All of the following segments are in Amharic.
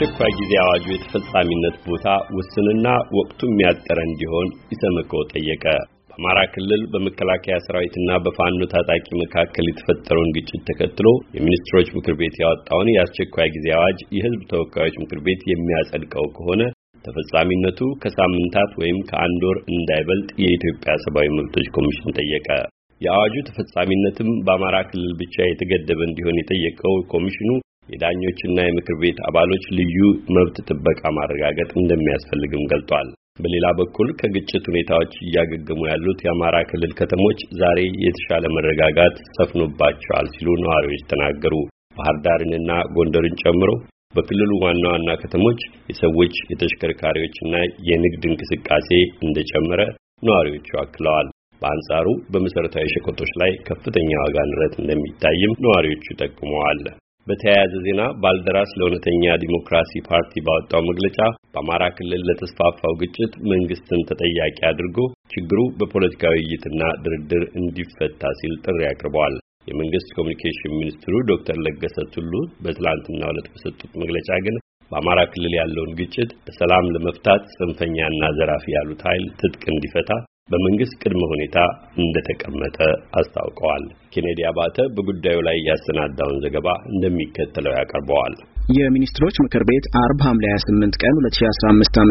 የአስቸኳይ ጊዜ አዋጁ የተፈጻሚነት ቦታ ውስንና ወቅቱ የሚያጠረ እንዲሆን ኢሰመኮ ጠየቀ። በአማራ ክልል በመከላከያ ሰራዊትና በፋኖ ታጣቂ መካከል የተፈጠረውን ግጭት ተከትሎ የሚኒስትሮች ምክር ቤት ያወጣውን የአስቸኳይ ጊዜ አዋጅ የሕዝብ ተወካዮች ምክር ቤት የሚያጸድቀው ከሆነ ተፈጻሚነቱ ከሳምንታት ወይም ከአንድ ወር እንዳይበልጥ የኢትዮጵያ ሰብአዊ መብቶች ኮሚሽን ጠየቀ። የአዋጁ ተፈጻሚነትም በአማራ ክልል ብቻ የተገደበ እንዲሆን የጠየቀው ኮሚሽኑ የዳኞችና የምክር ቤት አባሎች ልዩ መብት ጥበቃ ማረጋገጥ እንደሚያስፈልግም ገልጧል። በሌላ በኩል ከግጭት ሁኔታዎች እያገገሙ ያሉት የአማራ ክልል ከተሞች ዛሬ የተሻለ መረጋጋት ሰፍኖባቸዋል ሲሉ ነዋሪዎች ተናገሩ። ባህር ዳርንና ጎንደርን ጨምሮ በክልሉ ዋና ዋና ከተሞች የሰዎች የተሽከርካሪዎችና የንግድ እንቅስቃሴ እንደጨመረ ነዋሪዎቹ አክለዋል። በአንጻሩ በመሰረታዊ ሸቀጦች ላይ ከፍተኛ ዋጋ ንረት እንደሚታይም ነዋሪዎቹ ጠቁመዋል። በተያያዘ ዜና ባልደራስ ለእውነተኛ ዲሞክራሲ ፓርቲ ባወጣው መግለጫ በአማራ ክልል ለተስፋፋው ግጭት መንግስትን ተጠያቂ አድርጎ ችግሩ በፖለቲካዊ ውይይትና ድርድር እንዲፈታ ሲል ጥሪ አቅርበዋል። የመንግስት ኮሚኒኬሽን ሚኒስትሩ ዶክተር ለገሰ ቱሉ በትላንትና ዕለት በሰጡት መግለጫ ግን በአማራ ክልል ያለውን ግጭት በሰላም ለመፍታት ጽንፈኛና ዘራፊ ያሉት ኃይል ትጥቅ እንዲፈታ በመንግስት ቅድመ ሁኔታ እንደተቀመጠ አስታውቀዋል። ኬኔዲ አባተ በጉዳዩ ላይ ያሰናዳውን ዘገባ እንደሚከተለው ያቀርበዋል። የሚኒስትሮች ምክር ቤት አርብ ሐምሌ 28 ቀን 2015 ዓ.ም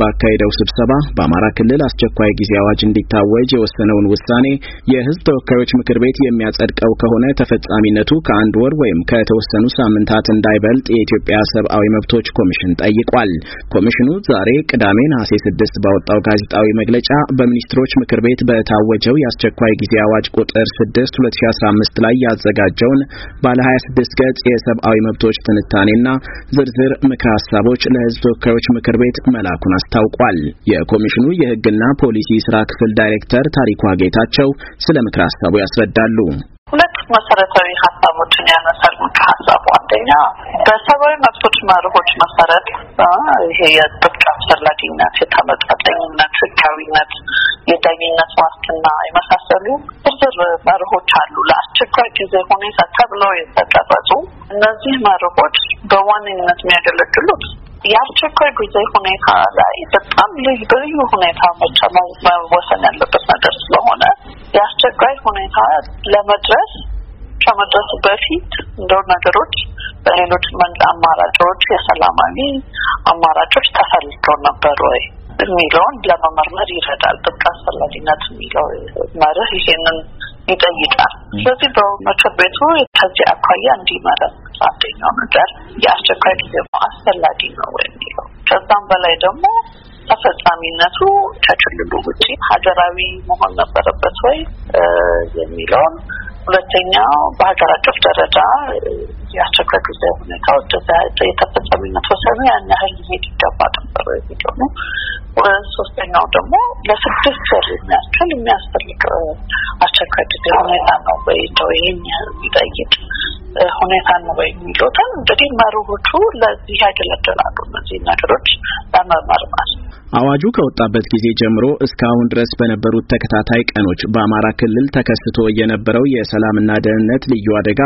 ባካሄደው ስብሰባ በአማራ ክልል አስቸኳይ ጊዜ አዋጅ እንዲታወጅ የወሰነውን ውሳኔ የሕዝብ ተወካዮች ምክር ቤት የሚያጸድቀው ከሆነ ተፈጻሚነቱ ከአንድ ወር ወይም ከተወሰኑ ሳምንታት እንዳይበልጥ የኢትዮጵያ ሰብአዊ መብቶች ኮሚሽን ጠይቋል። ኮሚሽኑ ዛሬ ቅዳሜ ነሐሴ 6 ባወጣው ጋዜጣዊ መግለጫ በሚኒስትሮች ምክር ቤት በታወጀው የአስቸኳይ ጊዜ አዋጅ ቁጥር 6 2015 ላይ ያዘጋጀውን ባለ 26 ገጽ የሰብአዊ መብቶች ትንታኔ ውሳኔና ዝርዝር ምክር ሀሳቦች ለህዝብ ተወካዮች ምክር ቤት መላኩን አስታውቋል። የኮሚሽኑ የህግና ፖሊሲ ስራ ክፍል ዳይሬክተር ታሪኳ ጌታቸው ስለ ምክር ሀሳቡ ያስረዳሉ። ሁለት መሰረታዊ ሀሳቦችን ያነሳል ምክ ሀሳቡ። አንደኛ በሰብአዊ መብቶች መርሆች መሰረት ይሄ የጥብቅ አስፈላጊነት፣ የተመጣጠኝነት፣ ህጋዊነት፣ የዳኝነት ዋስትና የመሳሰሉ ዝርዝር መርሆች አሉ። ለአስቸኳይ ጊዜ ሁኔታ ተብለው የተቀረጹ እነዚህ መርሆች በዋነኝነት የሚያገለግሉት የአስቸኳይ ጊዜ ሁኔታ ላይ በጣም ልዩ ሁኔታ መወሰን ያለበት ነገር ስለሆነ የአስቸኳይ ለመድረስ ከመድረሱ በፊት እንደው ነገሮች በሌሎች አማራጮች የሰላማዊ አማራጮች ተፈልገው ነበር ወይ የሚለውን ለመመርመር ይረዳል። ጥብቅ አስፈላጊነት የሚለው መርህ ይሄንን ይጠይቃል። ስለዚህ በምክር ቤቱ ከዚህ አኳያ እንዲመረም አንደኛው ነገር የአስቸኳይ ጊዜ አስፈላጊ ነው የሚለው ከዛም በላይ ደግሞ ተፈጻሚነቱ ከክልሉ ውጪ ሀገራዊ መሆን ነበረበት ወይ የሚለውን፣ ሁለተኛው በሀገር አቀፍ ደረጃ የአስቸኳይ ጊዜ ሁኔታ ወደዛ የተፈጸሚነት ወሰኑ ያን ያህል ሊሄድ ይገባ ነበር የሚለው ነው። ሶስተኛው ደግሞ ለስድስት ወር የሚያስችል የሚያስፈልግ አስቸኳይ ጊዜ ሁኔታ ነው ወይ ይህን የሚጠይቅ ሁኔታ ነው የሚሉትን እንግዲህ መርሆቹ ለዚህ ያገለግላሉ። እነዚህ ነገሮች ለመመርመር አዋጁ ከወጣበት ጊዜ ጀምሮ እስካሁን ድረስ በነበሩት ተከታታይ ቀኖች በአማራ ክልል ተከስቶ የነበረው የሰላምና ደህንነት ልዩ አደጋ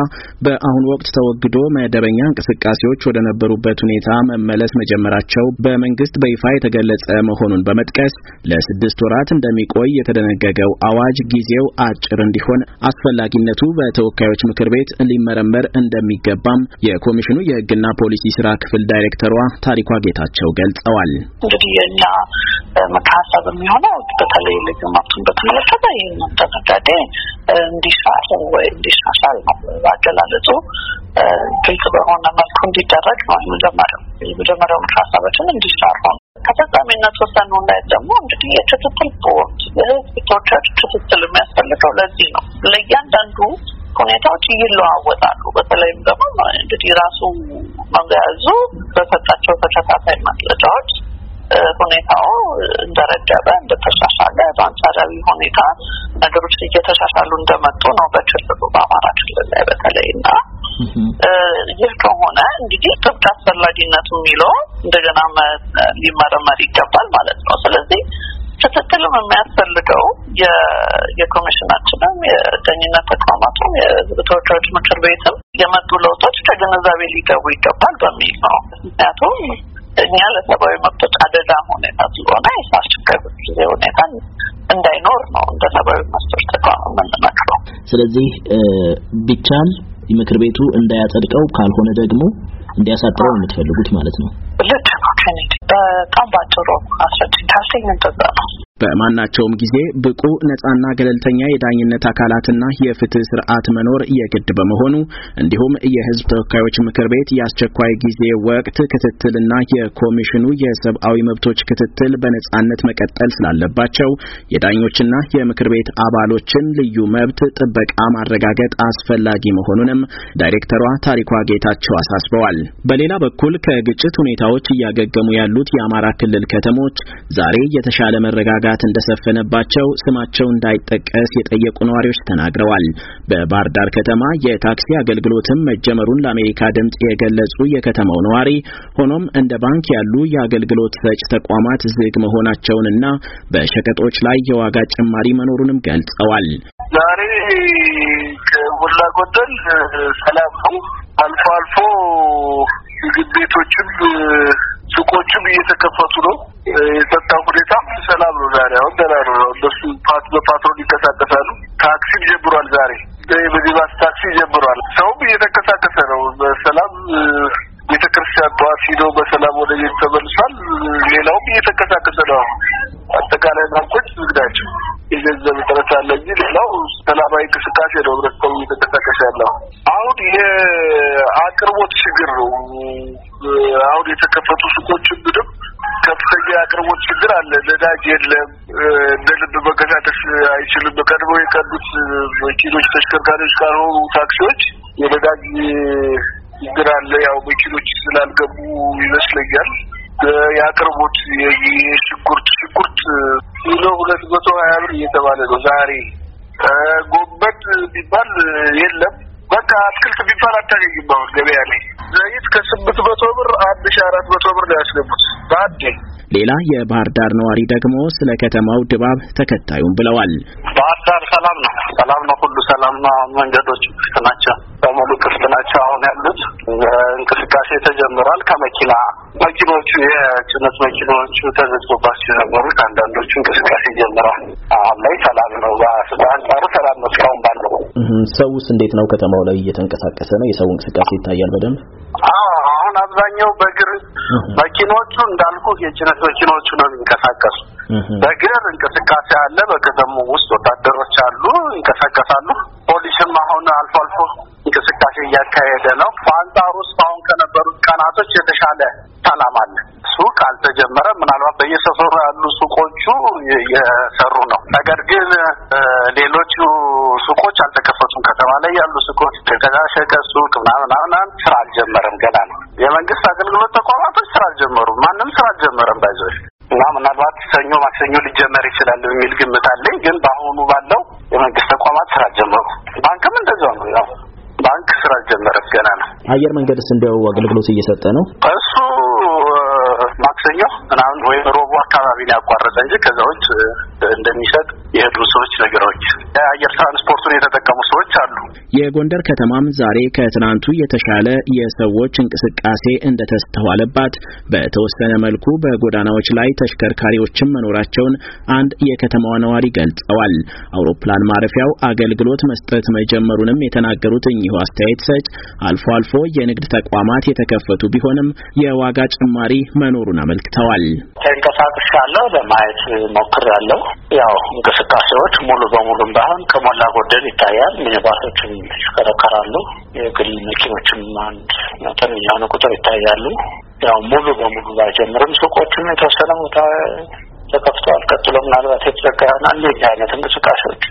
በአሁኑ ወቅት ተወግዶ መደበኛ እንቅስቃሴዎች ወደ ነበሩበት ሁኔታ መመለስ መጀመራቸው በመንግስት በይፋ የተገለጸ መሆኑን በመጥቀስ ለስድስት ወራት እንደሚቆይ የተደነገገው አዋጅ ጊዜው አጭር እንዲሆን አስፈላጊነቱ በተወካዮች ምክር ቤት ሊመረመር ሊመረመር እንደሚገባም የኮሚሽኑ የህግና ፖሊሲ ስራ ክፍል ዳይሬክተሯ ታሪኳ ጌታቸው ገልጸዋል። እንግዲህ የእኛ ምክር ሀሳብ የሚሆነው በተለይ ልዩ መብቱን በተመለከተ ይህንን ድንጋጌ እንዲሻር ወይ እንዲሻሻል ነው። አገላለጹ ግልጽ በሆነ መልኩ እንዲደረግ ነው የመጀመሪያው የመጀመሪያው ምክር ሀሳባችን እንዲሻር ነው። ተፈጻሚነት ወሰኑ ላይ ደግሞ እንግዲህ የክትትል ቦርድ የህዝብ ተወካዮች ክትትል የሚያስፈልገው ለዚህ ነው ለእያንዳንዱ ሁኔታዎች ይለዋወጣሉ። በተለይም ደግሞ እንግዲህ ራሱ መንገያዙ በሰጣቸው ተከታታይ መግለጫዎች ሁኔታው እንደረገበ እንደተሻሻለ በአንጻራዊ ሁኔታ ነገሮች እየተሻሻሉ እንደመጡ ነው በክልሉ በአማራ ክልል ላይ በተለይ እና ይህ ከሆነ እንግዲህ ጥብቅ አስፈላጊነቱ የሚለው እንደገና ሊመረመር ይገባል ማለት ነው። ስለዚህ ክትትልም የሚያስፈልገው የኮሚሽናችንም የደህንነት ተቋማቱም የተወካዮች ምክር ቤትም የመጡ ለውጦች ከግንዛቤ ሊገቡ ይገባል በሚል ነው። ምክንያቱም እኛ ለሰብአዊ መብቶች አደጋ ሁኔታ ስለሆነ የማስቸገር ጊዜ ሁኔታ እንዳይኖር ነው እንደ ሰብአዊ መብቶች ተቋም የምንመክረው። ስለዚህ ቢቻል ምክር ቤቱ እንዳያጸድቀው ካልሆነ ደግሞ እንዲያሳጥረው የምትፈልጉት ማለት ነው። ልክ ነው። ከኔ በጣም ባጭሩ አስረጅ ካልተኝ እንደዛ ነው። በማናቸውም ጊዜ ብቁ ነጻና ገለልተኛ የዳኝነት አካላትና የፍትህ ስርዓት መኖር የግድ በመሆኑ እንዲሁም የህዝብ ተወካዮች ምክር ቤት የአስቸኳይ ጊዜ ወቅት ክትትልና የኮሚሽኑ የሰብአዊ መብቶች ክትትል በነጻነት መቀጠል ስላለባቸው የዳኞችና የምክር ቤት አባሎችን ልዩ መብት ጥበቃ ማረጋገጥ አስፈላጊ መሆኑንም ዳይሬክተሯ ታሪኳ ጌታቸው አሳስበዋል። በሌላ በኩል ከግጭት ሁኔታዎች እያገገሙ ያሉት የአማራ ክልል ከተሞች ዛሬ የተሻለ መረጋጋት መረጋጋት እንደሰፈነባቸው ስማቸው እንዳይጠቀስ የጠየቁ ነዋሪዎች ተናግረዋል። በባህር ዳር ከተማ የታክሲ አገልግሎትም መጀመሩን ለአሜሪካ ድምጽ የገለጹ የከተማው ነዋሪ ሆኖም እንደ ባንክ ያሉ የአገልግሎት ሰጭ ተቋማት ዝግ መሆናቸውንና በሸቀጦች ላይ የዋጋ ጭማሪ መኖሩንም ገልጸዋል። ዛሬ ከሞላ ጎደል ሰላም ነው። አልፎ አልፎ ምግብ ቤቶችም ሱቆችም እየተከፈቱ ነው። የጸጥታ ሁኔታ ሰላም ነው። ዛሬ አሁን ደህና ነው። እነሱ በፓትሮል ይንቀሳቀሳሉ። ታክሲም ጀምሯል። ዛሬ ሚኒባስ ታክሲ ጀምሯል። ሰውም እየተንቀሳቀሰ ነው በሰላም ቤተክርስቲያን ጠዋት ሂዶ በሰላም ወደ ቤት ተመልሷል። ሌላውም እየተንቀሳቀሰ ነው አሁን አጠቃላይ ባንኮች ንግዳቸው የገንዘብ እጥረት አለ እንጂ ሌላው ሰላማዊ እንቅስቃሴ ነው ህብረተሰቡ እየተንቀሳቀሰ ያለው። አሁን የአቅርቦት ችግር ነው። አሁን የተከፈቱ ሱቆች ብድም ከፍተኛ የአቅርቦት ችግር አለ። ነዳጅ የለም። እንደ ልብ መንቀሳቀስ አይችልም። ቀድሞ የቀዱት መኪኖች፣ ተሽከርካሪዎች ካልሆኑ ታክሲዎች የነዳጅ ችግር አለ። ያው መኪኖች ስላልገቡ ይመስለኛል የአቅርቦት የሽንኩርት ሽንኩርት ኪሎ ሁለት መቶ ሀያ ብር እየተባለ ነው ዛሬ። ጎበት ቢባል የለም። በቃ አትክልት ቢባል አታገኝም። አሁን ገበያ ላይ ዘይት ከስምንት መቶ ብር አንድ ሺ አራት መቶ ብር ነው ያስገቡት በአንዴ። ሌላ የባህር ዳር ነዋሪ ደግሞ ስለ ከተማው ድባብ ተከታዩም ብለዋል። ባህር ዳር ሰላም ነው፣ ሰላም ነው፣ ሁሉ ሰላም ነው። መንገዶች ክፍት ናቸው፣ በሙሉ ክፍት ናቸው። አሁን ያሉት እንቅስቃሴ ተጀምሯል። ከመኪና መኪኖቹ የጭነት መኪኖቹ ተዘግቶባቸው የነበሩት አንዳንዶቹ እንቅስቃሴ ጀምራል አሁን ላይ ሰላም ነው፣ በአንጻሩ ሰላም ነው እስካሁን ሰውስ እንዴት ነው? ከተማው ላይ እየተንቀሳቀሰ ነው? የሰው እንቅስቃሴ ይታያል በደንብ? አሁን አብዛኛው በእግር መኪኖቹ እንዳልኩ የጭነት መኪኖቹ ነው የሚንቀሳቀሱ። በእግር እንቅስቃሴ አለ። በከተማው ውስጥ ወታደሮች አሉ፣ ይንቀሳቀሳሉ። ፖሊስም አሁን አልፎ አልፎ እንቅስቃሴ እያካሄደ ነው። በአንጻሩ ውስጥ አሁን ከነበሩት ቀናቶች የተሻለ ሰላም አለ። ሱቅ አልተጀመረ። ምናልባት በየሰፈሩ ያሉ ሱቆቹ እየሰሩ ነው። ነገር ግን ሌሎቹ ሱቆች ከተማ ላይ ያሉ ሱቆች፣ ሸቀጣ ሱቅ ምናምን ምናምን ስራ አልጀመረም። ገና ነው። የመንግስት አገልግሎት ተቋማቶች ስራ አልጀመሩም። ማንም ስራ አልጀመረም። ባይዞች እና ምናልባት ሰኞ ማክሰኞ ሊጀመር ይችላል የሚል ግምት አለኝ። ግን በአሁኑ ባለው የመንግስት ተቋማት ስራ አልጀመሩ። ባንክም እንደዛው ነው። ያው ባንክ ስራ አልጀመረም። ገና ነው። አየር መንገድስ እንዲያው አገልግሎት እየሰጠ ነው እሱ ማክሰኞ ምናምን ወይም ሮቦ አካባቢ ያቋረጠ እንጂ ከዛዎች እንደሚሰጥ የሄዱ ሰዎች ነገሮች የአየር ትራንስፖርቱን የተጠቀሙ ሰዎች አሉ። የጎንደር ከተማም ዛሬ ከትናንቱ የተሻለ የሰዎች እንቅስቃሴ እንደተስተዋለባት፣ በተወሰነ መልኩ በጎዳናዎች ላይ ተሽከርካሪዎችም መኖራቸውን አንድ የከተማዋ ነዋሪ ገልጸዋል። አውሮፕላን ማረፊያው አገልግሎት መስጠት መጀመሩንም የተናገሩት እኚሁ አስተያየት ሰጭ አልፎ አልፎ የንግድ ተቋማት የተከፈቱ ቢሆንም የዋጋ ጭማሪ መኖሩን አመልክተዋል። ተንቀሳቅሻለሁ፣ ለማየት ሞክሬያለሁ። ያው እንቅስቃሴዎች ሙሉ በሙሉም ባይሆን ከሞላ ጎደል ይታያል። ሚኒባሶችም ይሽከረከራሉ። የግል መኪኖችም አንድ መጠን የሆነ ቁጥር ይታያሉ። ያው ሙሉ በሙሉ ባይጀምርም ሱቆችም የተወሰነ ቦታ ተከፍተዋል። ቀጥሎ ምናልባት የተዘጋ ይሆናል። የዚህ አይነት እንቅስቃሴዎች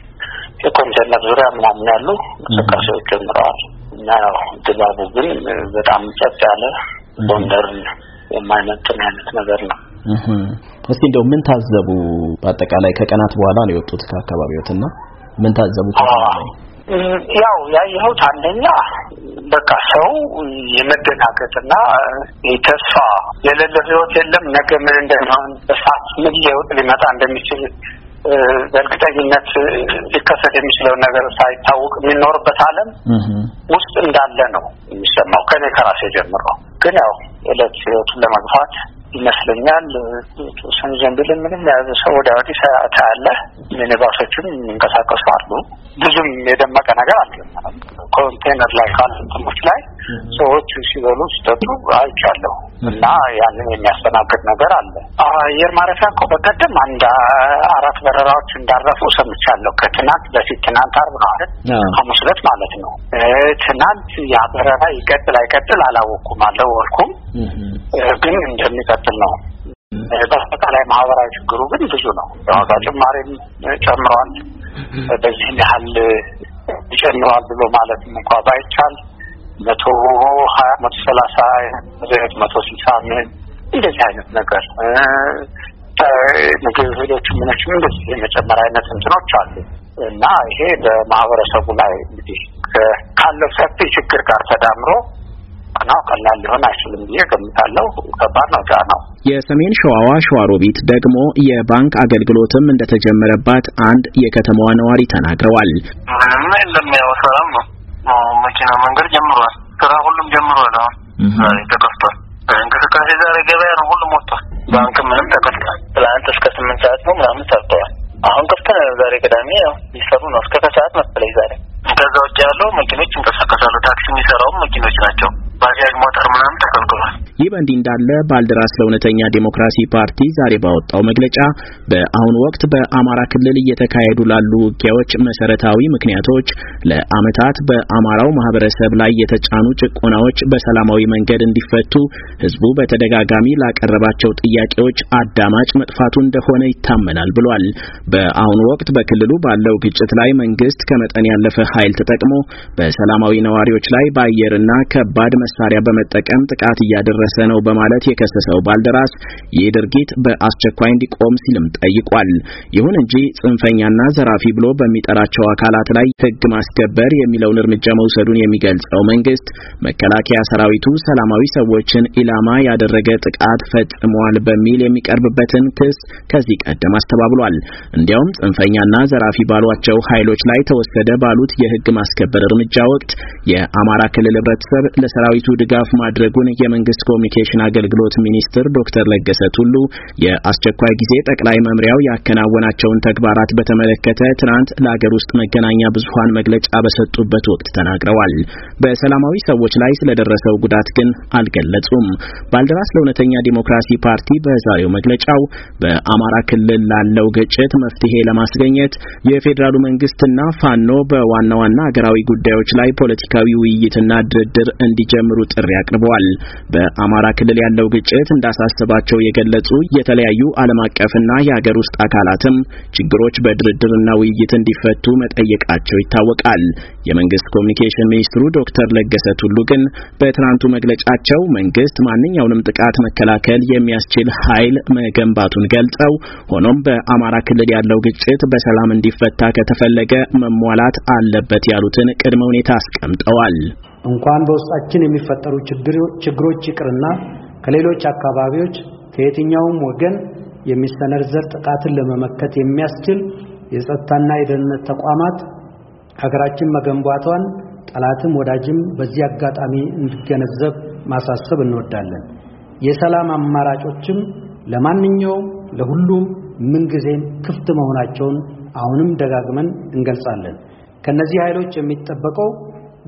የኮንቴነር ዙሪያ ምናምን ያሉ እንቅስቃሴዎች ጀምረዋል እና ያው ድባቡ ግን በጣም ጸጥ ያለ ጎንደርን የማይመጥን አይነት ነገር ነው። እስቲ እንደው ምን ታዘቡ? በአጠቃላይ ከቀናት በኋላ ነው የወጡት ከአካባቢዎትና ምን ታዘቡ? ያው ያየሁት አንደኛ በቃ ሰው የመደናገጥና ተስፋ የለለ ህይወት የለም። ነገ ምን እንደሚሆን በሰዓት ምን ሊወጥ ሊመጣ እንደሚችል በእርግጠኝነት ሊከሰት የሚችለውን ነገር ሳይታወቅ የሚኖርበት ዓለም ውስጥ እንዳለ ነው የሚሰማው። ከኔ ከራሴ ጀምሮ ግን ያው እለት ህይወቱን ለመግፋት ይመስለኛል። ተወሰኑ ዘንብል ምንም የያዘ ሰው ወዲያ ወዲህ አለ። ሚኒባሶችም የሚንቀሳቀሱ አሉ። ብዙም የደመቀ ነገር አልገመም። ኮንቴነር ላይ ካሉ እንትኖች ላይ ሰዎች ሲበሉ ሲጠጡ አይቻለሁ እና ያንን የሚያስተናግድ ነገር አለ። አየር ማረፊያ እኮ በቀደም አንድ አራት በረራዎች እንዳረፉ ሰምቻለሁ። ከትናንት በፊት ትናንት አርብ ማለት ሐሙስ ዕለት ማለት ነው። ትናንት ያ በረራ ይቀጥል አይቀጥል አላወቅኩም፣ አልደወልኩም፣ ግን እንደሚቀጥል ነው። በአጠቃላይ ማህበራዊ ችግሩ ግን ብዙ ነው። የዋጋ ጭማሪም ጨምሯል። በዚህን ያህል ይጨምሯል ብሎ ማለትም እንኳ ባይቻል መቶ ሀያ መቶ ሰላሳ ዘት መቶ ስልሳ ምን እንደዚህ አይነት ነገር ምግብ እህሎቹ ምኖችም እንደዚህ የመጨመር አይነት እንትኖች አሉ እና ይሄ በማህበረሰቡ ላይ እንግዲህ ካለው ሰፊ ችግር ጋር ተዳምሮ ነው ቀላል ሊሆን አይችልም ብዬ ገምታለሁ። ከባድ ነው ነው። የሰሜን ሸዋዋ ሸዋሮቢት ደግሞ የባንክ አገልግሎትም እንደተጀመረባት አንድ የከተማዋ ነዋሪ ተናግረዋል። ምንም የለም ያው ሰላም ነው መኪና መንገድ ጀምሯል። ስራ ሁሉም ጀምሯል። አሁን ተከፍቷል። እንቅስቃሴ ዛሬ ገበያ ነው። ሁሉም ወጥቷል። ባንክ ምንም ተከፍቷል። ትላንት እስከ ስምንት ሰዓት ነው ምናምን ሰርተዋል። አሁን ክፍት ነው ዛሬ ቅዳሜ ያው ይህ በእንዲህ እንዳለ ባልደራስ ለእውነተኛ ዴሞክራሲ ፓርቲ ዛሬ ባወጣው መግለጫ በአሁኑ ወቅት በአማራ ክልል እየተካሄዱ ላሉ ውጊያዎች መሰረታዊ ምክንያቶች ለአመታት በአማራው ማህበረሰብ ላይ የተጫኑ ጭቆናዎች በሰላማዊ መንገድ እንዲፈቱ ህዝቡ በተደጋጋሚ ላቀረባቸው ጥያቄዎች አዳማጭ መጥፋቱ እንደሆነ ይታመናል ብሏል። በአሁኑ ወቅት በክልሉ ባለው ግጭት ላይ መንግስት ከመጠን ያለፈ ኃይል ተጠቅሞ በሰላማዊ ነዋሪዎች ላይ በአየርና ከባድ መሳሪያ በመጠቀም ጥቃት እያደረሰ እየደረሰ ነው በማለት የከሰሰው ባልደራስ ይህ ድርጊት በአስቸኳይ እንዲቆም ሲልም ጠይቋል። ይሁን እንጂ ጽንፈኛና ዘራፊ ብሎ በሚጠራቸው አካላት ላይ ህግ ማስከበር የሚለውን እርምጃ መውሰዱን የሚገልጸው መንግስት መከላከያ ሰራዊቱ ሰላማዊ ሰዎችን ኢላማ ያደረገ ጥቃት ፈጽመዋል በሚል የሚቀርብበትን ክስ ከዚህ ቀደም አስተባብሏል። እንዲያውም ጽንፈኛና ዘራፊ ባሏቸው ኃይሎች ላይ ተወሰደ ባሉት የህግ ማስከበር እርምጃ ወቅት የአማራ ክልል ህብረተሰብ ለሰራዊቱ ድጋፍ ማድረጉን የመንግስት ኮሚኒኬሽን አገልግሎት ሚኒስትር ዶክተር ለገሰ ቱሉ የአስቸኳይ ጊዜ ጠቅላይ መምሪያው ያከናወናቸውን ተግባራት በተመለከተ ትናንት ለአገር ውስጥ መገናኛ ብዙሀን መግለጫ በሰጡበት ወቅት ተናግረዋል። በሰላማዊ ሰዎች ላይ ስለደረሰው ጉዳት ግን አልገለጹም። ባልደራስ ለእውነተኛ ዲሞክራሲ ፓርቲ በዛሬው መግለጫው በአማራ ክልል ላለው ግጭት መፍትሄ ለማስገኘት የፌዴራሉ መንግስትና ፋኖ በዋና ዋና አገራዊ ጉዳዮች ላይ ፖለቲካዊ ውይይትና ድርድር እንዲጀምሩ ጥሪ አቅርበዋል። በአማራ ክልል ያለው ግጭት እንዳሳሰባቸው የገለጹ የተለያዩ ዓለም አቀፍና የሀገር ውስጥ አካላትም ችግሮች በድርድርና ውይይት እንዲፈቱ መጠየቃቸው ይታወቃል። የመንግስት ኮሚኒኬሽን ሚኒስትሩ ዶክተር ለገሰ ቱሉ ግን በትናንቱ መግለጫቸው መንግስት ማንኛውንም ጥቃት መከላከል የሚያስችል ኃይል መገንባቱን ገልጸው ሆኖም በአማራ ክልል ያለው ግጭት በሰላም እንዲፈታ ከተፈለገ መሟላት አለበት ያሉትን ቅድመ ሁኔታ አስቀምጠዋል። እንኳን በውስጣችን የሚፈጠሩ ችግሮች ይቅርና ከሌሎች አካባቢዎች ከየትኛውም ወገን የሚሰነዘር ጥቃትን ለመመከት የሚያስችል የጸጥታና የደህንነት ተቋማት ሀገራችን መገንባቷን ጠላትም ወዳጅም በዚህ አጋጣሚ እንዲገነዘብ ማሳሰብ እንወዳለን። የሰላም አማራጮችም ለማንኛውም ለሁሉም ምንጊዜም ክፍት መሆናቸውን አሁንም ደጋግመን እንገልጻለን። ከነዚህ ኃይሎች የሚጠበቀው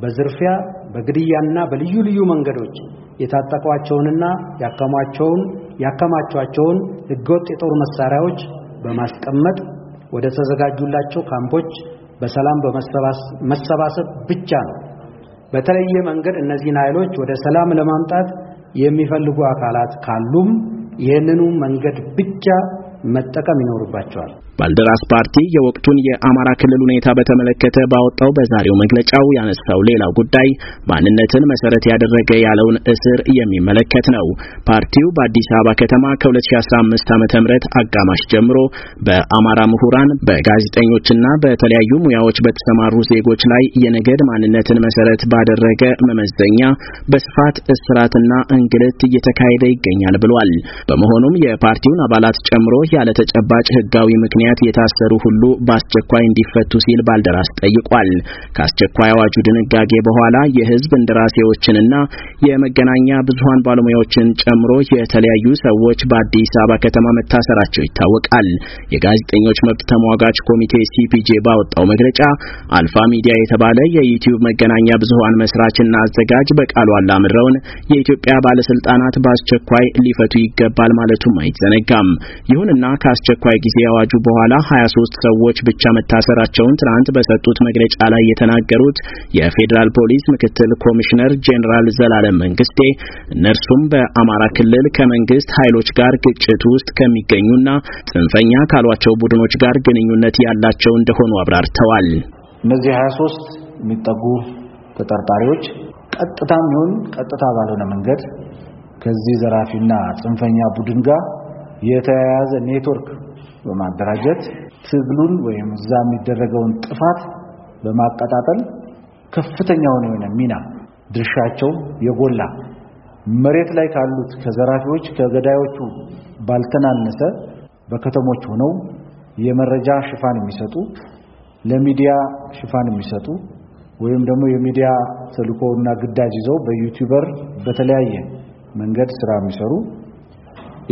በዝርፊያ በግድያና በልዩ ልዩ መንገዶች የታጠቋቸውንና ያከማቸውን ያከማቿቸውን ህገወጥ የጦር መሳሪያዎች በማስቀመጥ ወደ ተዘጋጁላቸው ካምፖች በሰላም በመሰባሰብ ብቻ ነው። በተለየ መንገድ እነዚህን ኃይሎች ወደ ሰላም ለማምጣት የሚፈልጉ አካላት ካሉም ይህንኑ መንገድ ብቻ መጠቀም ይኖርባቸዋል። ባልደራስ ፓርቲ የወቅቱን የአማራ ክልል ሁኔታ በተመለከተ ባወጣው በዛሬው መግለጫው ያነሳው ሌላው ጉዳይ ማንነትን መሰረት ያደረገ ያለውን እስር የሚመለከት ነው። ፓርቲው በአዲስ አበባ ከተማ ከ2015 ዓ.ም አጋማሽ ጀምሮ በአማራ ምሁራን፣ በጋዜጠኞችና በተለያዩ ሙያዎች በተሰማሩ ዜጎች ላይ የነገድ ማንነትን መሰረት ባደረገ መመዘኛ በስፋት እስራትና እንግልት እየተካሄደ ይገኛል ብሏል። በመሆኑም የፓርቲውን አባላት ጨምሮ ያለ ተጨባጭ ህጋዊ ምክንያት ምክንያት የታሰሩ ሁሉ በአስቸኳይ እንዲፈቱ ሲል ባልደራስ ጠይቋል። ከአስቸኳይ አዋጁ ድንጋጌ በኋላ የህዝብ እንደራሴዎችንና የመገናኛ ብዙሃን ባለሙያዎችን ጨምሮ የተለያዩ ሰዎች በአዲስ አበባ ከተማ መታሰራቸው ይታወቃል። የጋዜጠኞች መብት ተሟጋች ኮሚቴ ሲፒጄ ባወጣው መግለጫ አልፋ ሚዲያ የተባለ የዩቲዩብ መገናኛ ብዙሃን መስራችና አዘጋጅ በቃሉ አላምረውን የኢትዮጵያ ባለስልጣናት በአስቸኳይ ሊፈቱ ይገባል ማለቱም አይዘነጋም። ይሁንና ከአስቸኳይ ጊዜ አዋጁ በኋላ 23 ሰዎች ብቻ መታሰራቸውን ትናንት በሰጡት መግለጫ ላይ የተናገሩት የፌዴራል ፖሊስ ምክትል ኮሚሽነር ጄኔራል ዘላለም መንግስቴ እነርሱም በአማራ ክልል ከመንግስት ኃይሎች ጋር ግጭት ውስጥ ከሚገኙና ጽንፈኛ ካሏቸው ቡድኖች ጋር ግንኙነት ያላቸው እንደሆኑ አብራርተዋል። እነዚህ 23 የሚጠጉ ተጠርጣሪዎች ቀጥታም ይሁን ቀጥታ ባልሆነ መንገድ ከዚህ ዘራፊና ጽንፈኛ ቡድን ጋር የተያያዘ ኔትወርክ በማደራጀት ትግሉን ወይም እዛ የሚደረገውን ጥፋት በማቀጣጠል ከፍተኛ የሆነ ሚና ድርሻቸው የጎላ መሬት ላይ ካሉት ከዘራፊዎች ከገዳዮቹ ባልተናነሰ በከተሞች ሆነው የመረጃ ሽፋን የሚሰጡ ለሚዲያ ሽፋን የሚሰጡ ወይም ደግሞ የሚዲያ ተልእኮና ግዳጅ ይዘው በዩቲዩበር በተለያየ መንገድ ስራ የሚሰሩ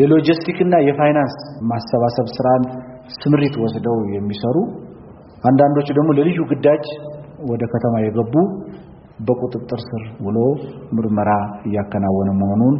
የሎጂስቲክና የፋይናንስ ማሰባሰብ ስራን ስምሪት ወስደው የሚሰሩ አንዳንዶቹ ደግሞ ለልዩ ግዳጅ ወደ ከተማ የገቡ በቁጥጥር ስር ውሎ ምርመራ እያከናወነ መሆኑን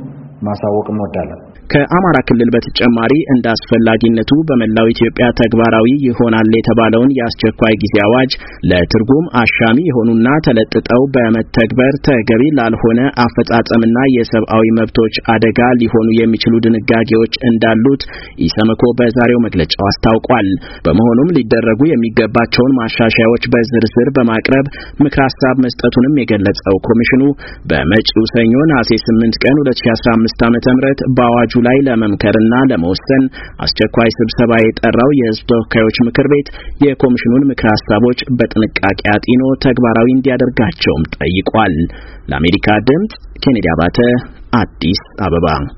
ማሳወቅ እንወዳለን። ከአማራ ክልል በተጨማሪ እንደ አስፈላጊነቱ በመላው ኢትዮጵያ ተግባራዊ ይሆናል የተባለውን የአስቸኳይ ጊዜ አዋጅ ለትርጉም አሻሚ የሆኑና ተለጥጠው በመተግበር ተገቢ ላልሆነ አፈጻጸምና የሰብአዊ መብቶች አደጋ ሊሆኑ የሚችሉ ድንጋጌዎች እንዳሉት ኢሰመኮ በዛሬው መግለጫው አስታውቋል። በመሆኑም ሊደረጉ የሚገባቸውን ማሻሻያዎች በዝርዝር በማቅረብ ምክረ ሀሳብ መስጠቱንም የገለጸው ኮሚሽኑ በመጪው ሰኞ ነሐሴ 8 ቀን 2015 ዓ.ም በአዋጁ በጉዳዮቹ ላይ ለመምከርና ለመወሰን አስቸኳይ ስብሰባ የጠራው የህዝብ ተወካዮች ምክር ቤት የኮሚሽኑን ምክር ሀሳቦች በጥንቃቄ አጢኖ ተግባራዊ እንዲያደርጋቸውም ጠይቋል። ለአሜሪካ ድምጽ ኬኔዲ አባተ አዲስ አበባ